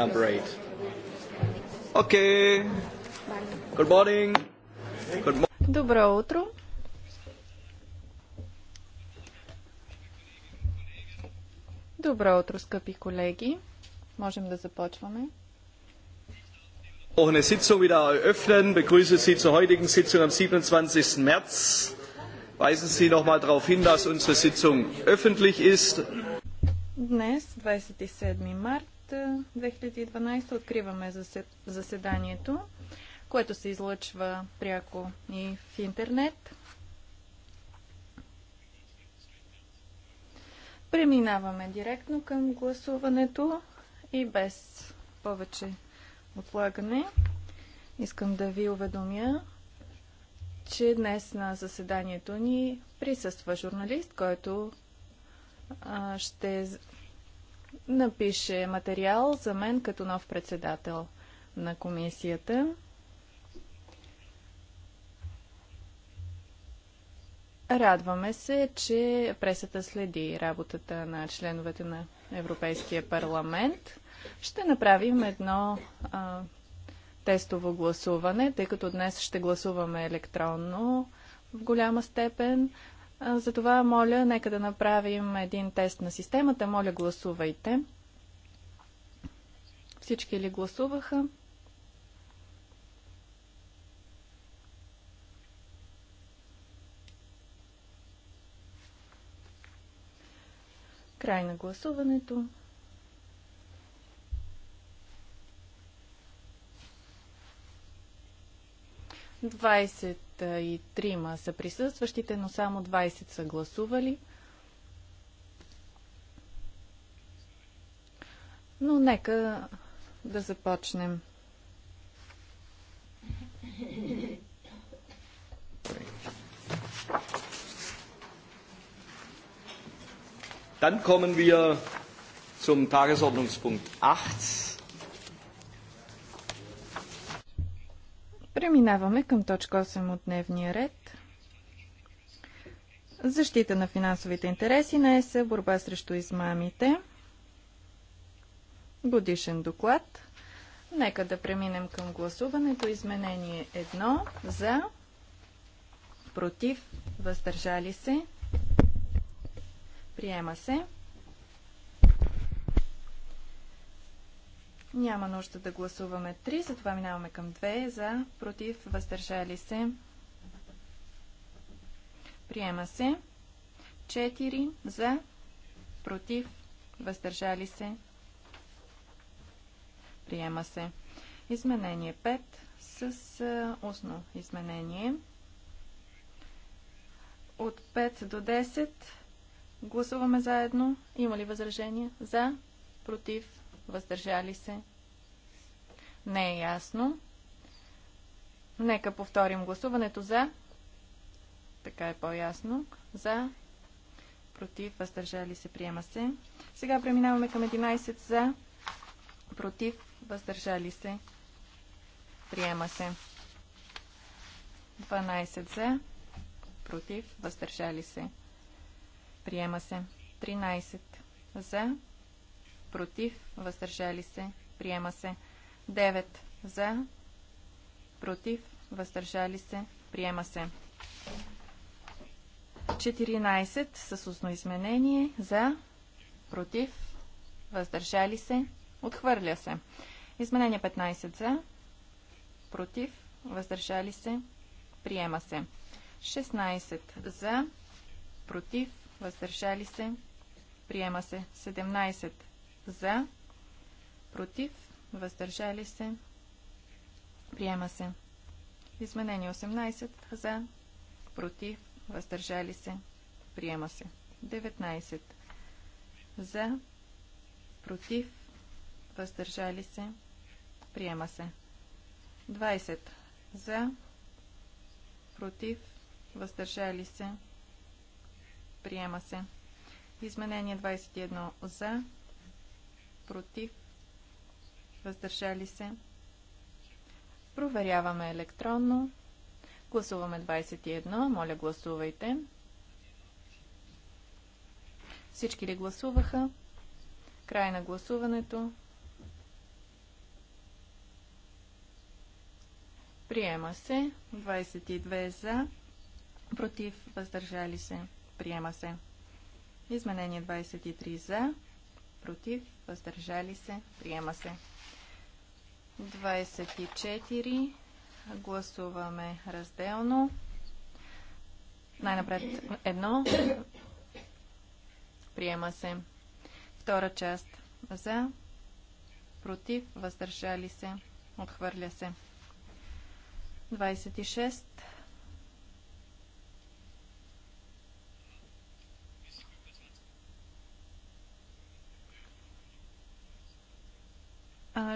number eight. Okay. Good morning. Good mo- Добро утро. Добро утро, скъпи колеги. Можем да започваме. Eine Sitzung wieder eröffnen. Begrüße Sie zur heutigen Sitzung am 27. März. Weisen Sie noch mal darauf hin, dass unsere Sitzung öffentlich ist. Днес, 27 март, 2012 откриваме заседанието, което се излъчва пряко и в интернет. Преминаваме директно към гласуването и без повече отлагане. Искам да ви уведомя, че днес на заседанието ни присъства журналист, който ще напише материал за мен като нов председател на комисията. Радваме се, че пресата следи работата на членовете на Европейския парламент. Ще направим едно а, тестово гласуване, тъй като днес ще гласуваме електронно в голяма степен. Затова моля, нека да направим един тест на системата. Моля, гласувайте. Всички ли гласуваха? Край на гласуването. 23 са присъстващите, но само 20 са гласували. Но нека да започнем. Dann kommen wir zum Tagesordnungspunkt 8. Преминаваме към точка 8 от дневния ред. Защита на финансовите интереси на ЕС, борба срещу измамите. Годишен доклад. Нека да преминем към гласуването. Изменение 1 за, против, въздържали се, приема се. Няма нужда да гласуваме 3, затова минаваме към 2 за, против, въздържали се. Приема се. 4 за, против, въздържали се. Приема се. Изменение 5 с устно изменение. От 5 до 10 гласуваме заедно. Има ли възражения? За, против, въздържали се. Не е ясно. Нека повторим гласуването за. Така е по-ясно. За. Против. Въздържали се. Приема се. Сега преминаваме към 11 за. Против. Въздържали се. Приема се. 12 за. Против. Въздържали се. Приема се. 13 за против, въздържали се, приема се. 9 за, против, въздържали се, приема се. 14 с устно изменение за, против, въздържали се, отхвърля се. Изменение 15 за, против, въздържали се, приема се. 16 за, против, въздържали се, приема се. 17 за, против, въздържали се, приема се. Изменение 18 за, против, въздържали се, приема се. 19 за, против, въздържали се, приема се. 20 за, против, въздържали се, приема се. Изменение 21 за, против, въздържали се. Проверяваме електронно. Гласуваме 21. Моля, гласувайте. Всички ли гласуваха? Край на гласуването. Приема се. 22 за. Против. Въздържали се. Приема се. Изменение 23 за против, въздържали се, приема се. 24. Гласуваме разделно. Най-напред едно. Приема се. Втора част за, против, въздържали се, отхвърля се. 26.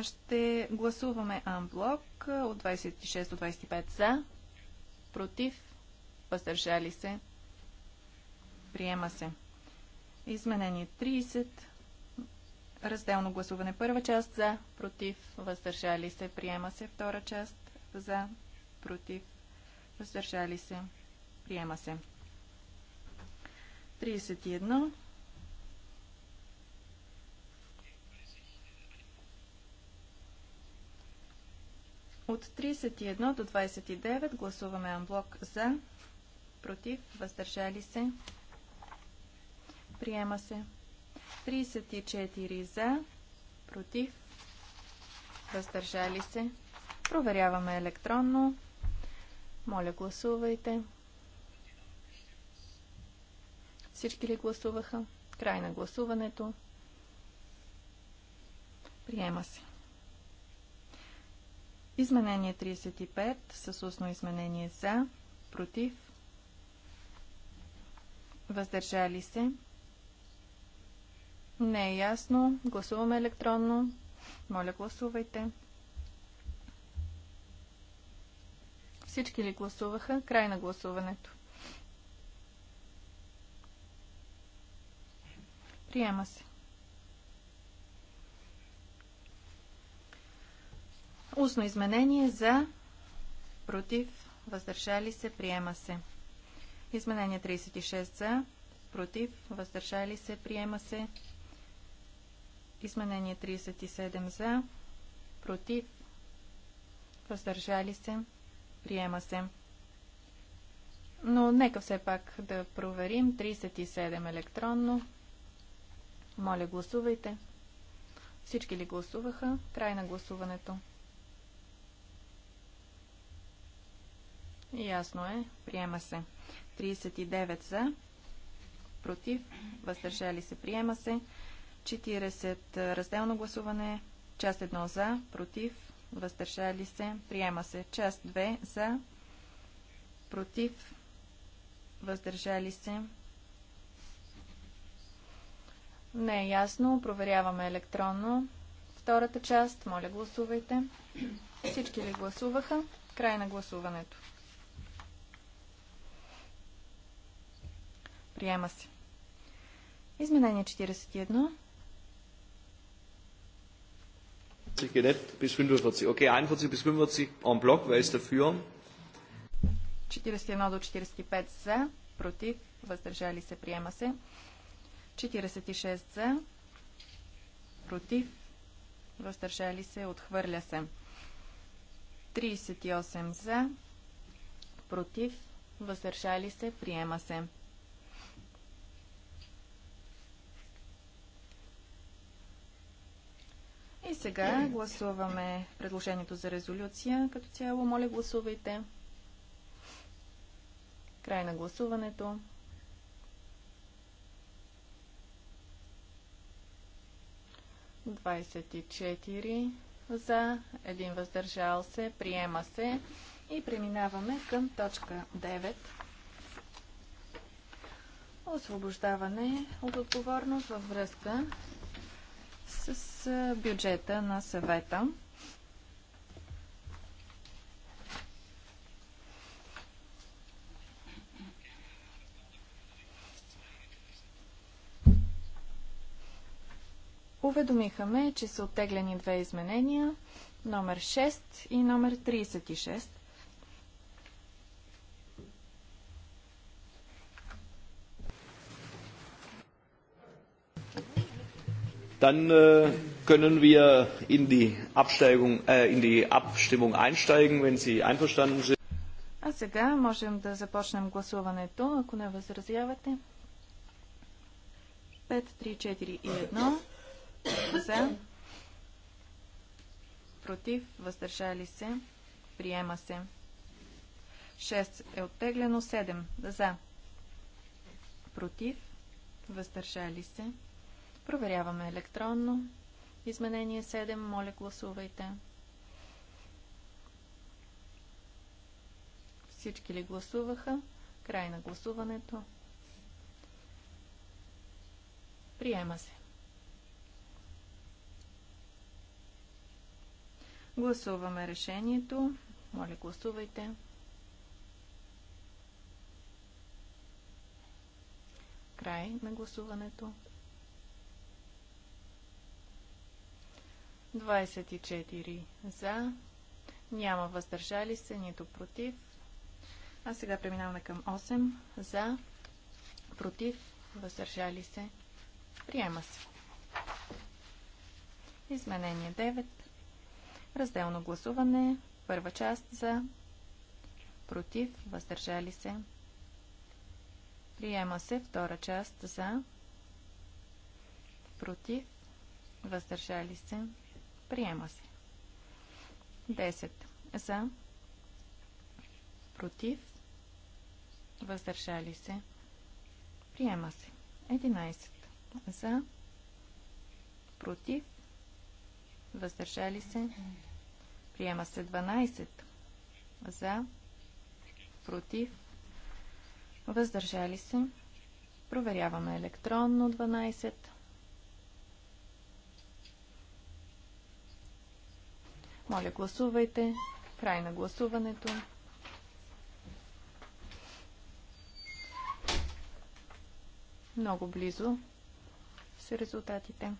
ще гласуваме анблок от 26 до 25 за, против, въздържали се, приема се. Изменение 30. Разделно гласуване. Първа част за, против, въздържали се, приема се. Втора част за, против, въздържали се, приема се. 31. От 31 до 29 гласуваме анблок за, против, въздържали се, приема се. 34 за, против, въздържали се. Проверяваме електронно. Моля, гласувайте. Всички ли гласуваха? Край на гласуването. Приема се. Изменение 35 с устно изменение за, против, въздържали се. Не е ясно. Гласуваме електронно. Моля, гласувайте. Всички ли гласуваха? Край на гласуването. Приема се. Устно изменение за, против, въздържали се, приема се. Изменение 36 за, против, въздържали се, приема се. Изменение 37 за, против, въздържали се, приема се. Но нека все пак да проверим 37 електронно. Моля, гласувайте. Всички ли гласуваха? Край на гласуването. Ясно е. Приема се. 39 за. Против. Въздържали се. Приема се. 40 разделно гласуване. Част 1 за. Против. Въздържали се. Приема се. Част 2 за. Против. Въздържали се. Не е ясно. Проверяваме електронно. Втората част. Моля, гласувайте. Всички ли гласуваха? Край на гласуването. Приема се. Изменение 41. Gedeppt bis 45. Okay, 41 bis 45 41 до 45 за, против, въздържали се, приема се. 46 за, против, въздържали се, отхвърля се. 38 за, против, въздържали се, приема се. И сега гласуваме предложението за резолюция. Като цяло, моля, гласувайте. Край на гласуването. Двадесет и четири за, един въздържал се, приема се и преминаваме към точка 9. Освобождаване от отговорност във връзка с бюджета на съвета. Уведомиха ме, че са оттеглени две изменения, номер 6 и номер 36. Dann äh, können wir in die, äh, in die Abstimmung einsteigen, wenn Sie einverstanden sind. А сега можем да започнем гласуването, ако не възразявате. 5, 3, 4 и 1. За. Против. Въздържали се. Приема се. 6 е оттеглено. 7. За. Против. Въздържали се. Проверяваме електронно. Изменение 7. Моля, гласувайте. Всички ли гласуваха? Край на гласуването. Приема се. Гласуваме решението. Моля, гласувайте. Край на гласуването. 24 за, няма въздържали се, нито против. А сега преминаваме към 8 за, против, въздържали се, приема се. Изменение 9. Разделно гласуване. Първа част за, против, въздържали се, приема се. Втора част за, против, въздържали се, Приема се. 10 за. Против. Въздържали се. Приема се. 11 за. Против. Въздържали се. Приема се 12 за. Против. Въздържали се. Проверяваме електронно 12. Моля, гласувайте. Край на гласуването. Много близо са резултатите.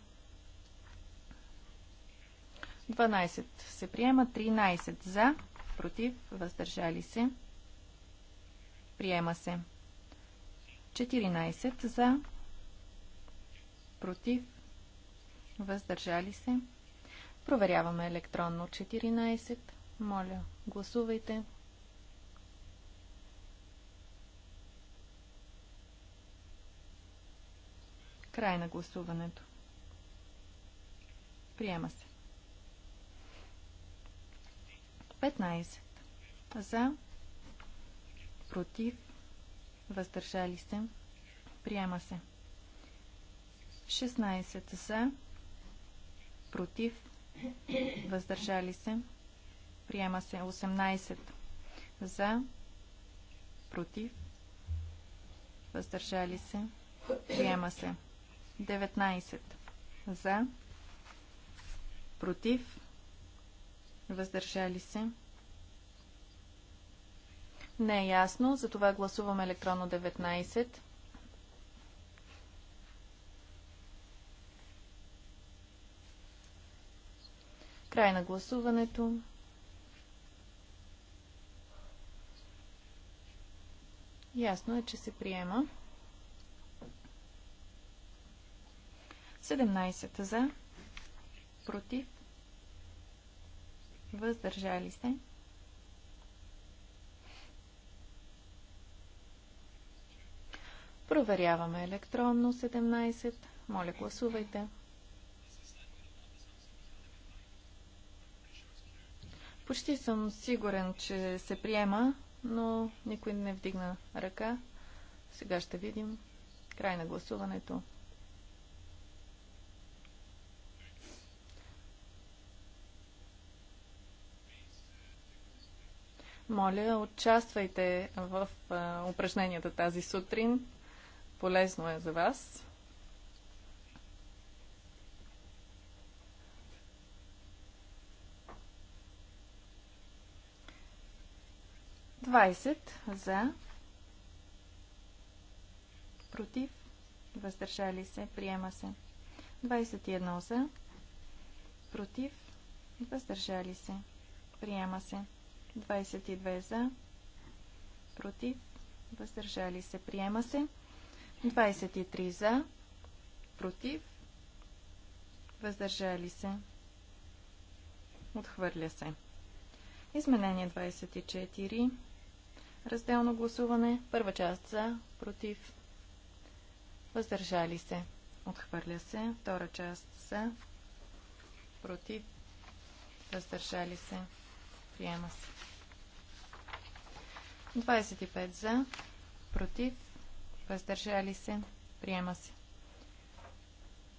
12 се приема, 13 за, против, въздържали се. Приема се. 14 за, против, въздържали се. Проверяваме електронно 14. Моля, гласувайте. Край на гласуването. Приема се. 15. За. Против. Въздържали се. Приема се. 16. За. Против въздържали се, приема се 18 за, против, въздържали се, приема се 19 за, против, въздържали се. Не е ясно, затова гласуваме електронно 19. Край на гласуването. Ясно е, че се приема. 17 за, против, въздържали се. Проверяваме електронно 17. Моля, гласувайте. Почти съм сигурен, че се приема, но никой не вдигна ръка. Сега ще видим. Край на гласуването. Моля, участвайте в упражненията тази сутрин. Полезно е за вас. 20 за, против, въздържали се, приема се. 21 за, против, въздържали се, приема се. 22 за, против, въздържали се, приема се. 23 за, против, въздържали се, отхвърля се. Изменение 24 разделно гласуване. Първа част за, против, въздържали се, отхвърля се. Втора част за, против, въздържали се, приема се. 25 за, против, въздържали се, приема се.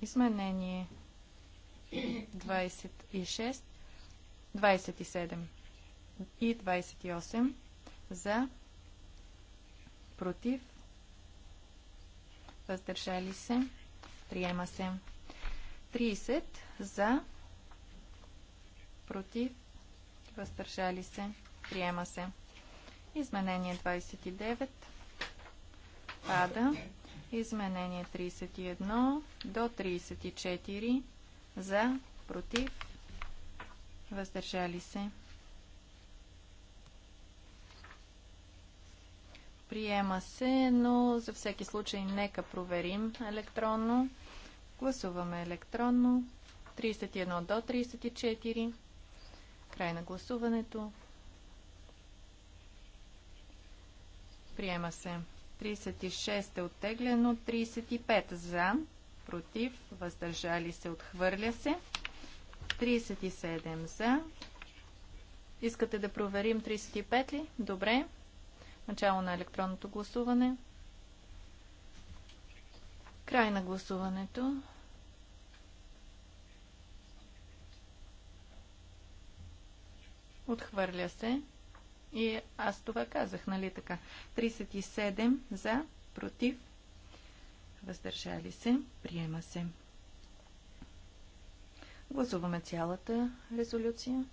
Изменение 26, 27 и 28 за, против, въздържали се, приема се. 30 за, против, въздържали се, приема се. Изменение 29 пада. Изменение 31 до 34 за, против, въздържали се, Приема се, но за всеки случай нека проверим електронно. Гласуваме електронно. 31 до 34. Край на гласуването. Приема се. 36 е оттеглено, 35 за, против, въздържали се, отхвърля се. 37 за. Искате да проверим 35 ли? Добре. Начало на електронното гласуване. Край на гласуването. Отхвърля се. И аз това казах, нали така? 37 за, против, въздържали се, приема се. Гласуваме цялата резолюция.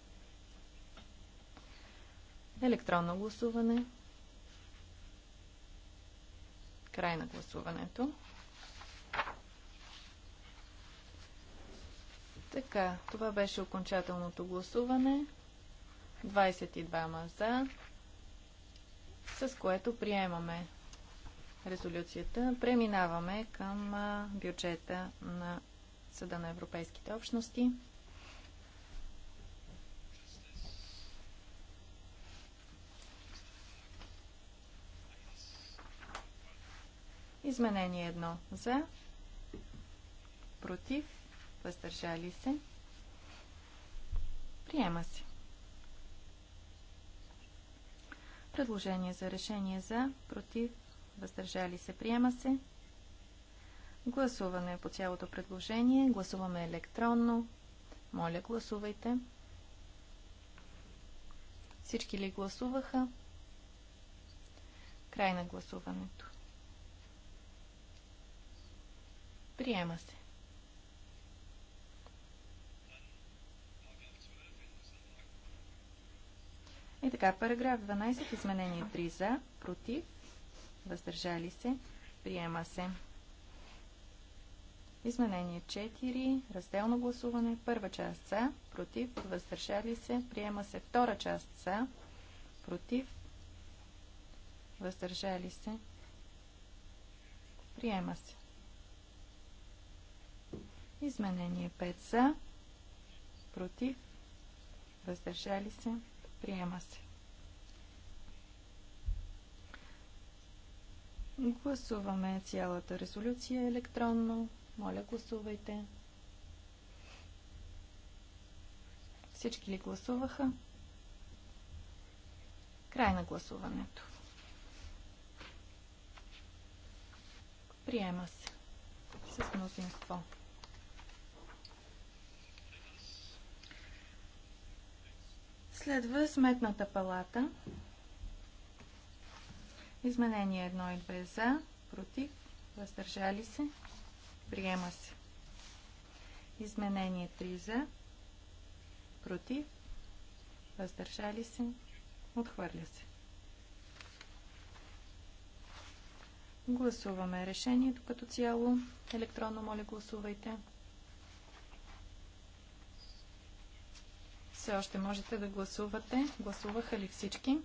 Електронно гласуване. Край на гласуването. Така, това беше окончателното гласуване. 22 за, с което приемаме резолюцията. Преминаваме към бюджета на Съда на Европейските общности. Изменение 1 за, против, въздържали се, приема се. Предложение за решение за, против, въздържали се, приема се. Гласуване по цялото предложение. Гласуваме електронно. Моля, гласувайте. Всички ли гласуваха? Край на гласуването. Приема се. И така, параграф 12, изменение 3 за, против, въздържали се, приема се. Изменение 4, разделно гласуване, първа част за, против, въздържали се, приема се, втора част за, против, въздържали се, приема се. Изменение 5 за, против, въздържали се, приема се. Гласуваме цялата резолюция електронно. Моля, гласувайте. Всички ли гласуваха? Край на гласуването. Приема се с мнозинство. Следва сметната палата. Изменение 1 и 2 за, против, въздържали се, приема се. Изменение 3 за, против, въздържали се, отхвърля се. Гласуваме решението като цяло. Електронно моля гласувайте. Все още можете да гласувате. Гласуваха ли всички?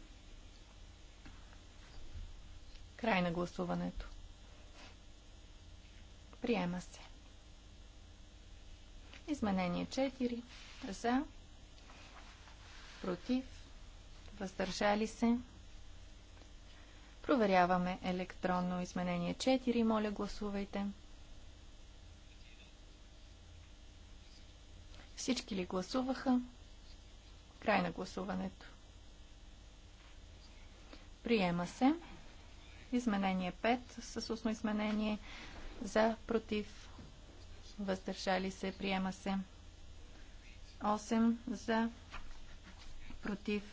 Край на гласуването. Приема се. Изменение 4. За. Против. Въздържали се. Проверяваме електронно изменение 4. Моля, гласувайте. Всички ли гласуваха? Край на гласуването. Приема се. Изменение 5 с устно изменение за, против, въздържали се, приема се. 8 за, против,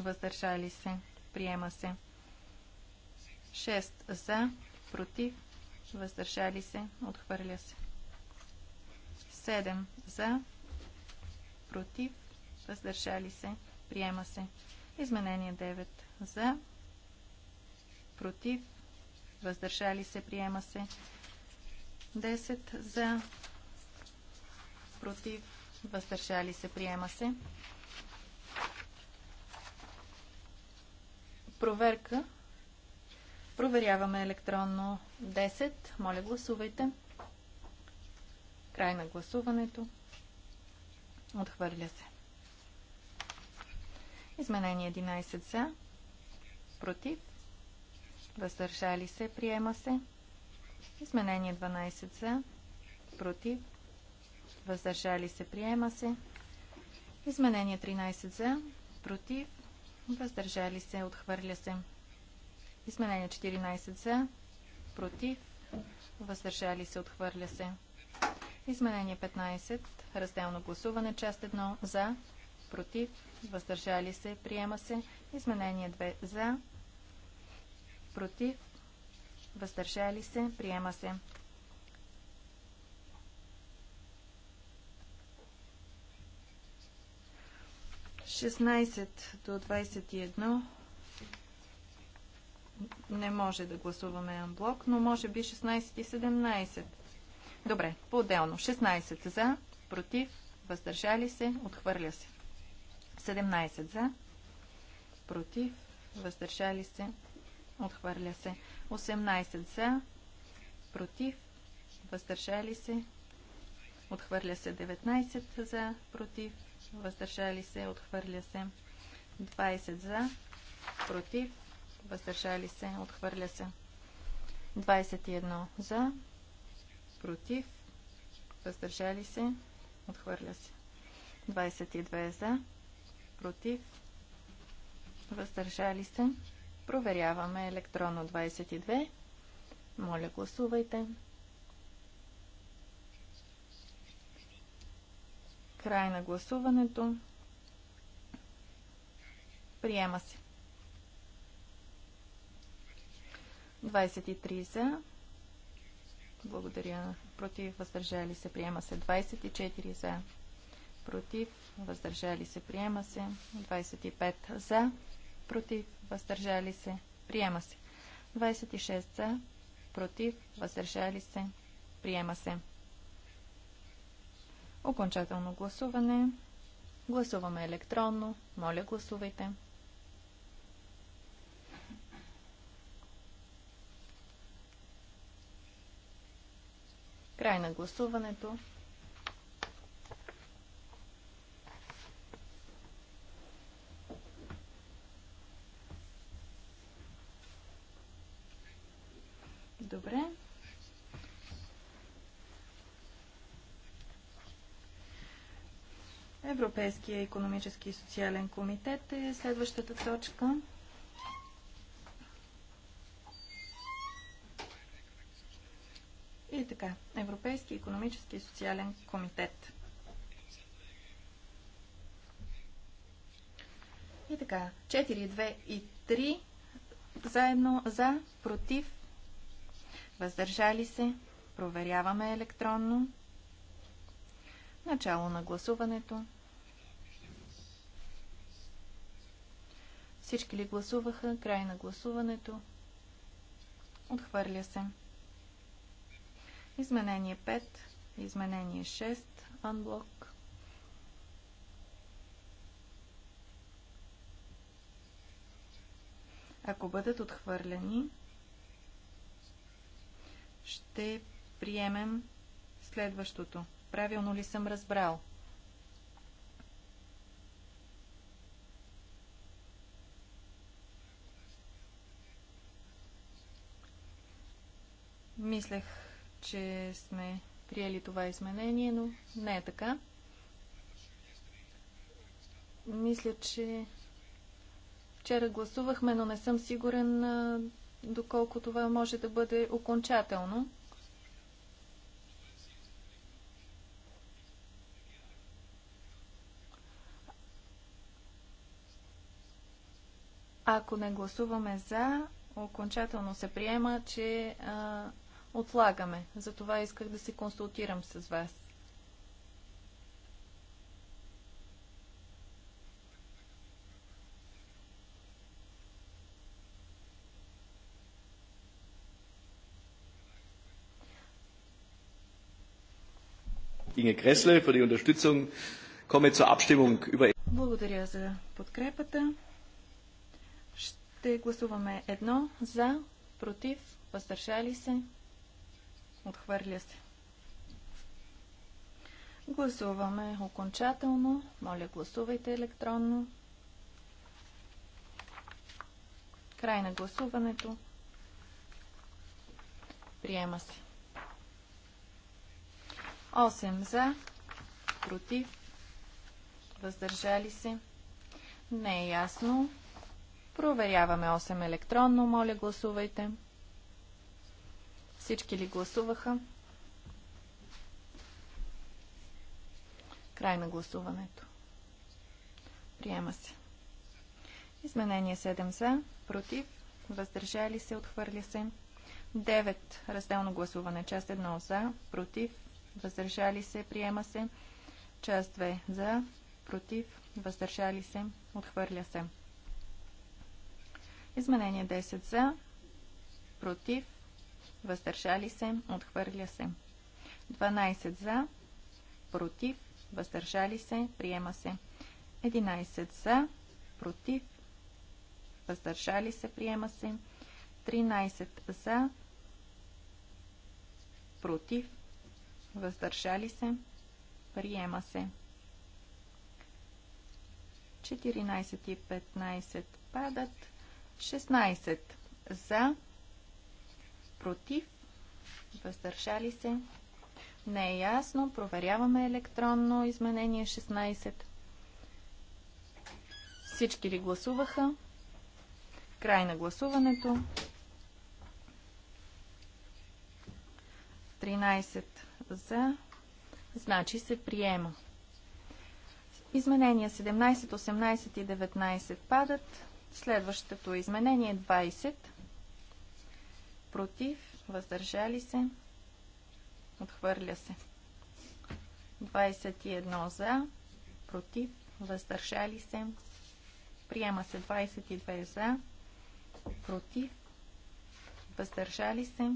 въздържали се, приема се. 6 за, против, въздържали се, отхвърля се. 7 за, против, въздържали се, приема се. Изменение 9 за, против, въздържали се, приема се. 10 за, против, въздържали се, приема се. Проверка. Проверяваме електронно 10. Моля, гласувайте. Край на гласуването. Отхвърля се. Изменение 11 за, против, въздържали се, приема се. Изменение 12 за, против, въздържали се, приема се. Изменение 13 за, против, въздържали се, отхвърля се. Изменение 14 за, против, въздържали се, отхвърля се. Изменение 15, разделно гласуване, част 1 за, против, въздържали се, приема се. Изменение 2 за, против, въздържали се, приема се. Шестнайсет до 21. и едно не може да гласуваме анблок, но може би 16 и 17. Добре, по-отделно. 16 за, против, въздържали се, отхвърля се. 17 за, против, въздържали се, отхвърля се. 18 за, против, въздържали се, отхвърля се. 19 за, против, въздържали се, отхвърля се. 20 за, против, въздържали се, отхвърля се. 21 за, против, въздържали се, отхвърля се. 22 за, против, въздържали се. Проверяваме електронно 22. Моля, гласувайте. Край на гласуването. Приема се. 23 за. Благодаря. Против въздържали се. Приема се. 24 за против, въздържали се, приема се. 25 за, против, въздържали се, приема се. 26 за, против, въздържали се, приема се. Окончателно гласуване. Гласуваме електронно. Моля, гласувайте. Край на гласуването. Европейския економически и социален комитет е следващата точка. И така, Европейски економически и социален комитет. И така, 4, 2 и 3 заедно за, против, въздържали се, проверяваме електронно. Начало на гласуването. Всички ли гласуваха? Край на гласуването. Отхвърля се. Изменение 5, изменение 6, анблок. Ако бъдат отхвърлени, ще приемем следващото. Правилно ли съм разбрал? Мислех, че сме приели това изменение, но не е така. Мисля, че вчера гласувахме, но не съм сигурен доколко това може да бъде окончателно. Ако не гласуваме за, окончателно се приема, че а, отлагаме. Затова исках да се консултирам с вас. Inge Kressle für die Unterstützung. Komme zur Abstimmung über. Благодаря за подкрепата. Ще гласуваме едно за, против, въздържали се. Отхвърля се. Гласуваме окончателно. Моля, гласувайте електронно. Край на гласуването. Приема се. 8 за, против, въздържали се. Не е ясно. Проверяваме 8 електронно. Моля, гласувайте. Всички ли гласуваха? Край на гласуването. Приема се. Изменение 7 за, против, въздържали се, отхвърля се. 9. Разделно гласуване. Част 1 за, против, въздържали се, приема се. Част 2 за, против, въздържали се, отхвърля се. Изменение 10 за, против, въздържали се, отхвърля се. 12 за, против, въздържали се, приема се. 11 за, против, въздържали се, приема се. 13 за, против, въздържали се, приема се. 14 и 15 падат. 16 за, против, против, въздържали се. Не е ясно. Проверяваме електронно изменение 16. Всички ли гласуваха? Край на гласуването. 13 за. Значи се приема. Изменения 17, 18 и 19 падат. Следващото изменение 20 е против, въздържали се, отхвърля се. 21 за, против, въздържали се, приема се 22 за, против, въздържали се.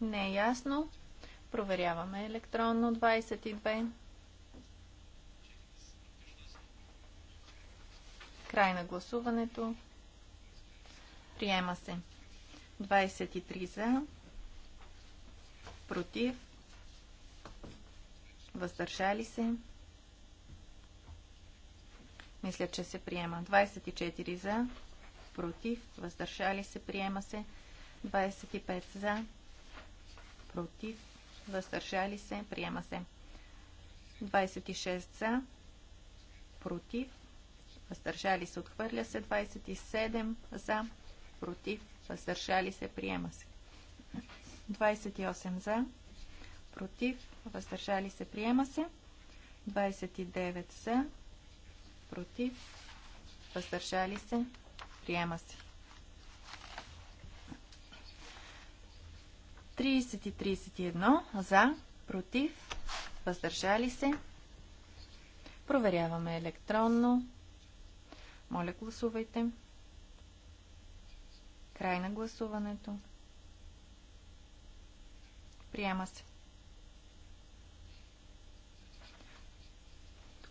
Не е ясно. Проверяваме електронно 22. Край на гласуването. Приема се. 23 за. Против. Въздържали се. Мисля, че се приема. 24 за. Против. Въздържали се. Приема се. 25 за. Против. Въздържали се. Приема се. 26 за. Против. Въздържали се. Отхвърля се. 27 за против, въздържали се, приема се. 28 за, против, въздържали се, приема се. 29 за, против, въздържали се, приема се. 30 31 за, против, въздържали се. Проверяваме електронно. Моля, гласувайте. Край на гласуването. Приема се.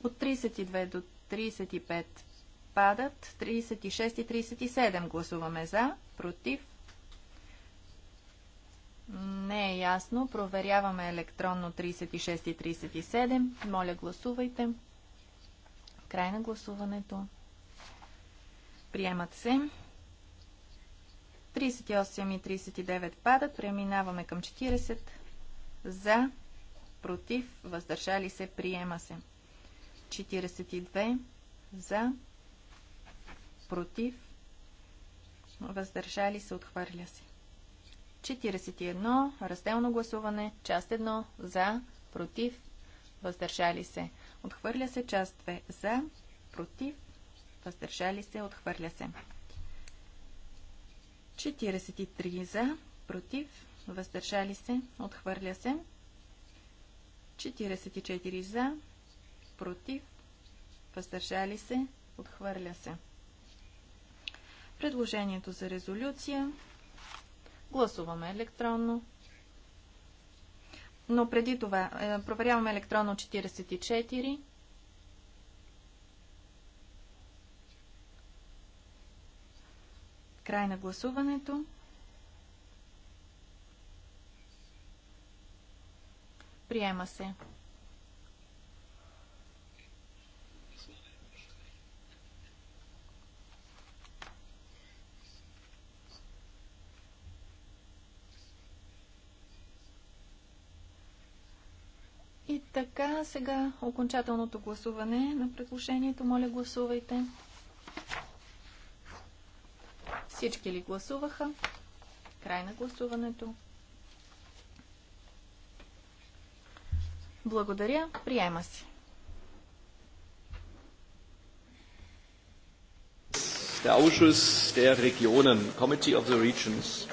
От 32 до 35 падат. 36 и 37 гласуваме за, против. Не е ясно. Проверяваме електронно 36 и 37. Моля, гласувайте. Край на гласуването. Приемат се. 38 и 39 падат. Преминаваме към 40. За, против, въздържали се, приема се. 42. За, против, въздържали се, отхвърля се. 41. Разделно гласуване. Част 1. За, против, въздържали се. Отхвърля се част 2. За, против, въздържали се, отхвърля се. 43 за, против, въздържали се, отхвърля се. 44 за, против, въздържали се, отхвърля се. Предложението за резолюция. Гласуваме електронно. Но преди това е, проверяваме електронно 44. Край на гласуването. Приема се. И така, сега окончателното гласуване на предложението. Моля, гласувайте. Всички ли гласуваха? Край на гласуването. Благодаря. Приема се. Der Ausschuss der Regionen, Committee of the Regions.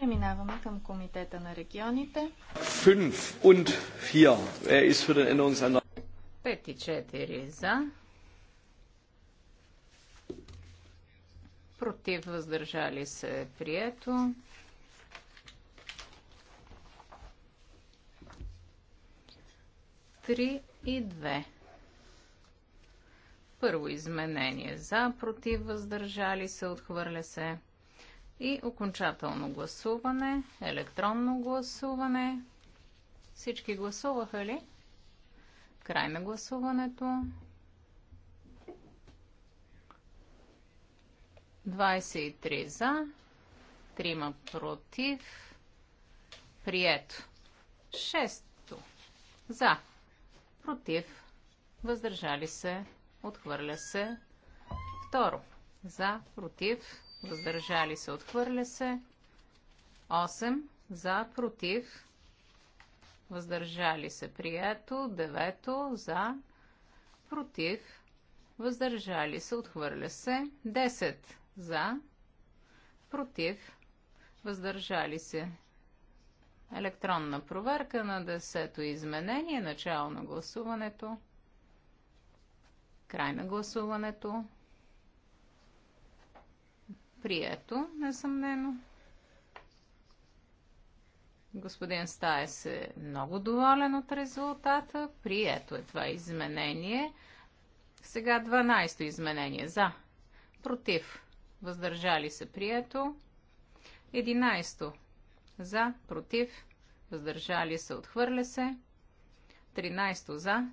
Преминаваме към Комитета на регионите. 5 und 4. Wer ist für den Änderungsantrag? 5 и 4 за. против, въздържали се, прието. Три и две. Първо изменение за, против, въздържали се, отхвърля се. И окончателно гласуване, електронно гласуване. Всички гласуваха ли? Край на гласуването. 23 за, 3 против, прието. 6 за, против, въздържали се, отхвърля се. Второ, за, против, въздържали се, отхвърля се. 8 за, против, въздържали се, прието. 9 за, против, въздържали се, отхвърля се. 10 за. Против. Въздържали се. Електронна проверка на 10-то изменение. Начало на гласуването. Край на гласуването. Прието, несъмнено. Господин се е много доволен от резултата. Прието е това изменение. Сега 12-то изменение. За. Против въздържали се, прието. 11 за, против, въздържали се, отхвърля се. 13 за,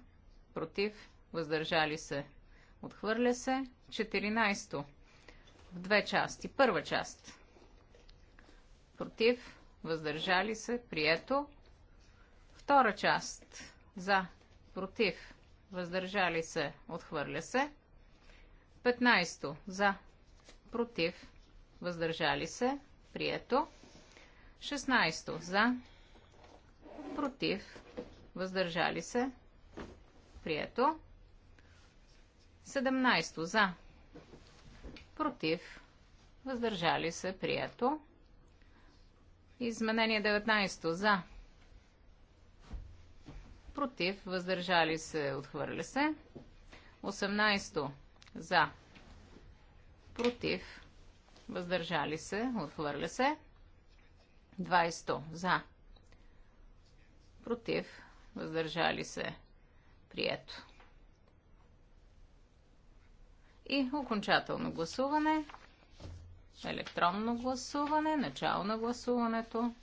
против, въздържали се, отхвърля се. 14 в две части. Първа част против, въздържали се, прието. Втора част за, против, въздържали се, отхвърля се. 15 за, против, въздържали се, прието. 16 за, против, въздържали се, прието. 17 за, против, въздържали се, прието. Изменение 19 за, против, въздържали се, отхвърля се. 18 за, против, въздържали се, отхвърля се. 20 за, против, въздържали се, прието. И окончателно гласуване, електронно гласуване, начало на гласуването.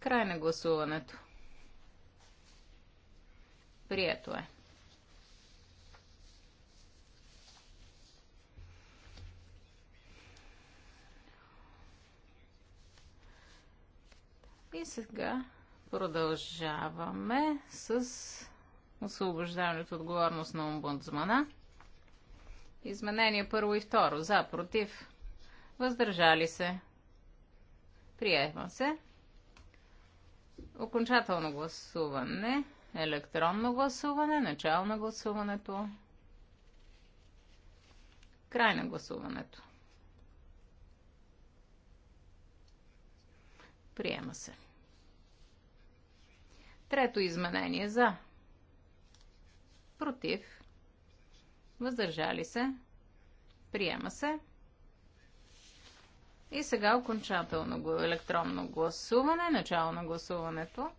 Край на гласуването. Прието е. И сега продължаваме с освобождаването от отговорност на омбудсмана. Изменение първо и второ. За, против. Въздържали се. Приема се. Окончателно гласуване. Електронно гласуване, начало на гласуването, край на гласуването. Приема се. Трето изменение за. Против. Въздържали се. Приема се. И сега окончателно електронно гласуване, начало на гласуването.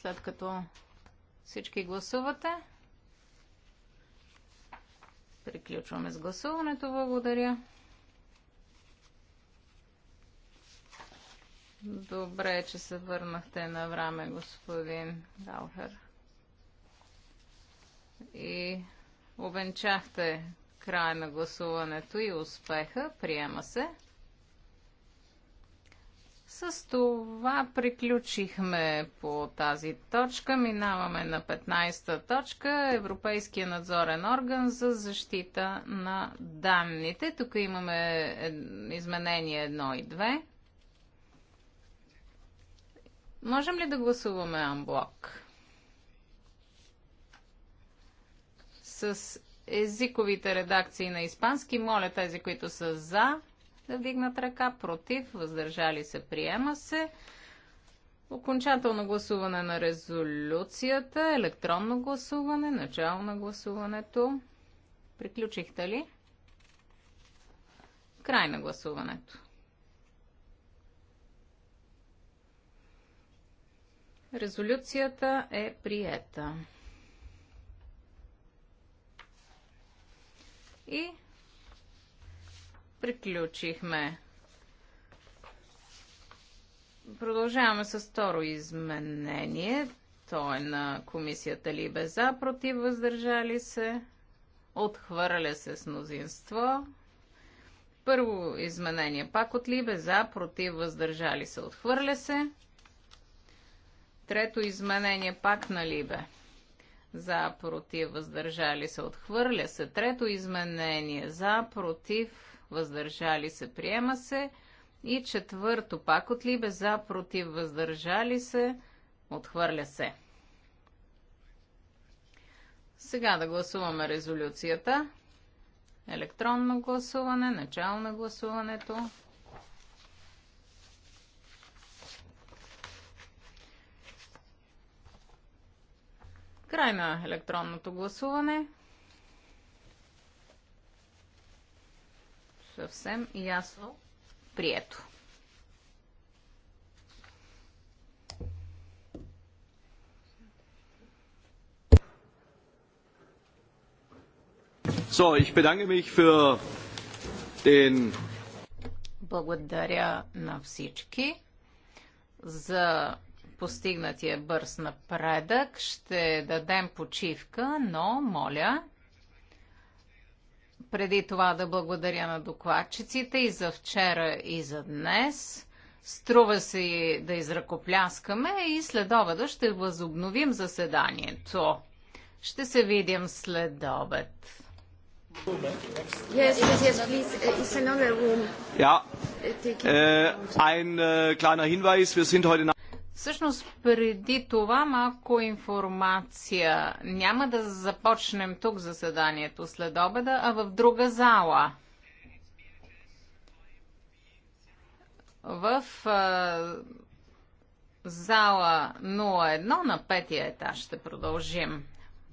След като всички гласувате, приключваме с гласуването. Благодаря. Добре, че се върнахте на време, господин Галхер. И обенчахте края на гласуването и успеха. Приема се. С това приключихме по тази точка. Минаваме на 15-та точка. Европейския надзорен орган за защита на данните. Тук имаме изменение 1 и 2. Можем ли да гласуваме анблок? С езиковите редакции на испански, моля тези, които са за, да вдигнат ръка, против, въздържали се, приема се. Окончателно гласуване на резолюцията, електронно гласуване, начало на гласуването. Приключихте ли? Край на гласуването. Резолюцията е приета. И Приключихме. Продължаваме с второ изменение. То е на комисията Либе за, против, въздържали се. Отхвърля се с мнозинство. Първо изменение пак от Либе за, против, въздържали се. Отхвърля се. Трето изменение пак на Либе за, против, въздържали се, отхвърля се. Трето изменение, за, против, въздържали се, приема се. И четвърто, пак от Либе, за, против, въздържали се, отхвърля се. Сега да гласуваме резолюцията. Електронно гласуване, начало на гласуването. Край на електронното гласуване. съвсем ясно прието. So, ich bedanke mich für den... Благодаря на всички за постигнатия бърз напредък. Ще дадем почивка, но моля преди това да благодаря на докладчиците и за вчера и за днес. Струва се да изръкопляскаме и след обеда ще възобновим заседанието. Ще се видим след обед. Yes, yes, yes, please. Uh, is another room. Ja, Uh, äh, ein uh, kleiner Hinweis. Wir sind heute nach Всъщност, преди това малко информация. Няма да започнем тук заседанието след обеда, а в друга зала. В а, зала 01 на петия етаж ще продължим.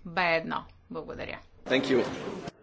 Б1. Благодаря. Thank you.